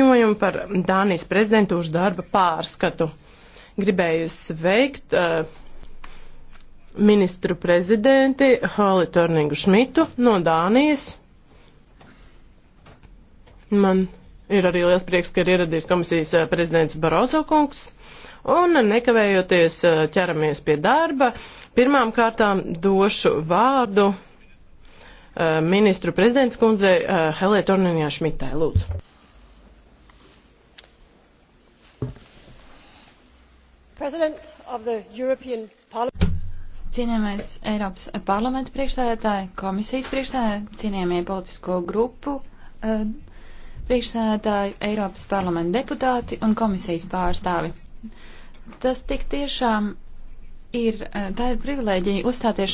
ziņojumu par Dānijas prezidentūras darba pārskatu. Gribēju sveikt uh, ministru prezidenti Holi Torningu Šmitu no Dānijas. Man ir arī liels prieks, ka ir ieradies komisijas eh, prezidents Barozo kungs. Un nekavējoties eh, ķeramies pie darba, pirmām kārtām došu vārdu ministru prezidents kundzei Helē Torninjā Šmitai. Lūdzu. Cienījamais Eiropas parlamenta priekšsēdētāji, komisijas priekšsēdētāji, cienījamie politisko grupu uh, priekšsēdētāji, Eiropas parlamenta deputāti un komisijas pārstāvi. Tas tik tiešām ir, eh, tā ir privilēģija uzstāties